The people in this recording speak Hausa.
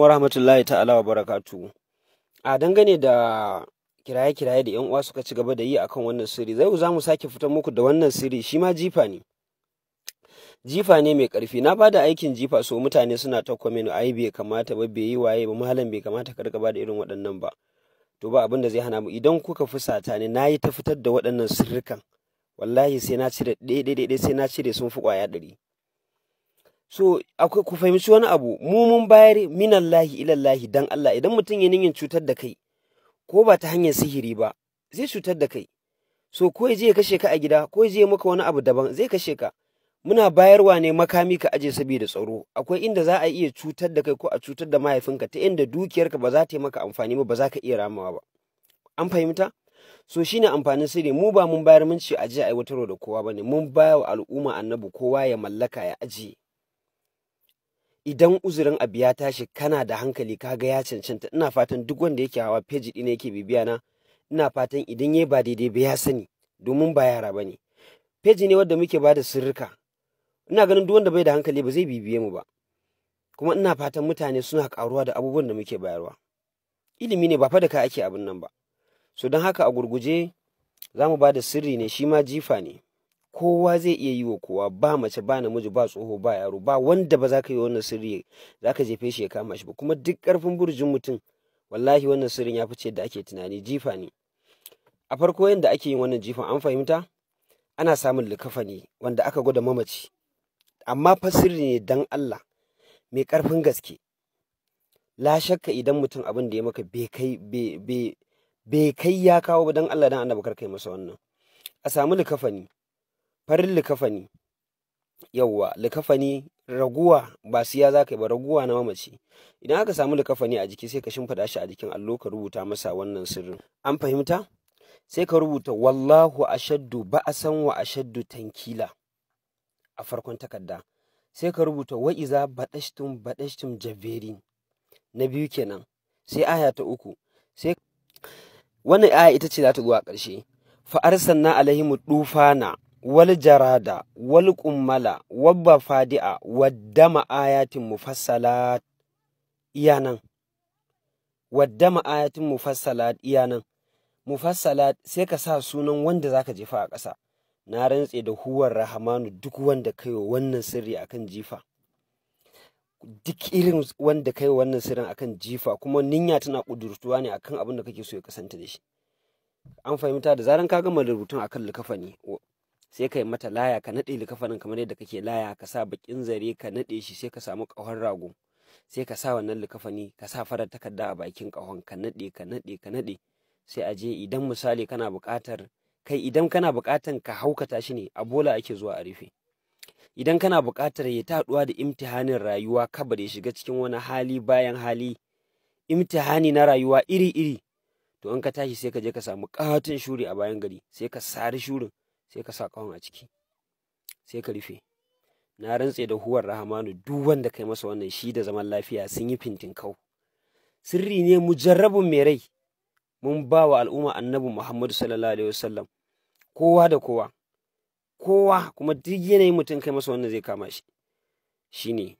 wa rahmatullahi ta'ala wa barakatu a dangane da kiraye-kiraye da yan uwa suka ci gaba da yi akan wannan sirri zai za mu sake fitar muku da wannan sirri shi ma jifa ne jifa ne mai karfi na bada aikin jifa so mutane suna ta komen ai bai kamata ba bai yi waye ba malam bai kamata ka ba da irin waɗannan ba to ba abin da zai hana mu idan kuka fusata ne na yi ta fitar da waɗannan sirrikan wallahi sai na cire ɗaya ɗaya sai na cire sun fi ƙwaya ɗari so akwai ku fahimci wani abu mu mun bayar minan lahi minallahi lahi dan Allah idan mutum ya yin cutar da kai ko ba ta hanyar sihiri ba zai cutar da kai so ko ya je kashe ka a gida ko ya je maka wani abu daban zai kashe ka muna bayarwa ne makami ka aje saboda tsaro akwai inda za a iya cutar da kai ko a cutar da mahaifinka ta inda dukiyarka ba za ta yi maka amfani ba ba za ka iya ramawa ba an fahimta so ne amfanin sirri mu ba mun bayar mun ce aje aiwatarwa da kowa ne mun bayar wa al'umma annabi kowa ya mallaka ya ajiye idan uzurin abu ya tashi kana da hankali ka ga ya cancanta ina fatan duk wanda yake hawa peji dina yake bibiya na ina fatan idan ya ba daidai ba ya sani domin ba yara ba ne Feji ne wadda muke bada sirrika ina ganin duk wanda bai da hankali ba zai bibiye mu ba kuma ina fatan mutane suna karuwa da abubuwan da muke bayarwa ilimi ne ba fa da ka ake abin nan ba so don haka a gurguje za mu ba da sirri ne shi ma jifa ne kowa zai iya yi wa kowa ba mace ba namiji ba tsoho ba yaro ba wanda ba za ka yi wannan sirri za ka jefe shi ya kama shi ba kuma duk karfin burjin mutum wallahi wannan sirrin ya fice da ake tunani jifa ne a farko yadda ake yin wannan jifan an fahimta ana samun likafa ne wanda aka gwada mamaci amma fa sirri ne dan Allah mai karfin gaske la shakka idan mutum abin da ya maka bai kai ya kawo ba dan Allah dan annabi kar kai masa wannan a samu likafa ne farin likafani yauwa likafani raguwa ba siya za ka yi ba raguwa na mamaci idan aka samu likafani a jiki sai ka shimfiɗa shi a jikin allo ka rubuta masa wannan sirrin an fahimta sai ka rubuta wallahu ashaddu san wa ashaddu tankila a farkon takarda sai ka rubuta wa'iza baɗashtum baɗashtum jabberi na biyu kenan sai aya ta uku sai wannan aya ita ce za ta zuwa ƙarshe fa arsalna alaihim na wal jarada wal kummala wabba fadi'a waddama ayatin mufassalat iyanan waddama ayatin mufassalat iyanan mufassalat sai ka sa sunan wanda zaka jefa a ƙasa na rantse da huwar rahamanu duk wanda kai wannan sirri akan jifa duk irin wanda kai wannan sirrin akan jifa kuma ninya tana kudurtuwa ne akan abin da kake so ya kasanta da shi an fahimta da zaran ka gama rubutun akan likafani sai ka yi mata laya ka naɗe likafanin kamar yadda kake laya ka sa bakin zare ka naɗe shi sai ka samu ƙahon rago sai ka sa wannan likafani ka sa farar takarda a bakin ƙahon ka naɗe ka naɗe ka naɗe sai a je idan misali kana buƙatar kai idan kana buƙatar ka haukata shi ne a bola ake zuwa a rufe idan kana buƙatar ya taɗuwa da imtihanin rayuwa kaba da ya shiga cikin wani hali bayan hali imtihani na rayuwa iri-iri to in ka tashi sai ka je ka samu ƙatin shuri a bayan gari sai ka sari shurin sai ka sa ƙawon a ciki sai ka rufe na rantse da huwar rahamanu duk wanda kai masa wannan shi da zaman lafiya sun yi fintin kau sirri ne mu jarrabin mai rai mun ba wa al'umma annabi muhammadu sallallahu alaihi wasallam kowa da kowa kowa kuma duk yanayin mutum kai masa wannan zai kama shi shine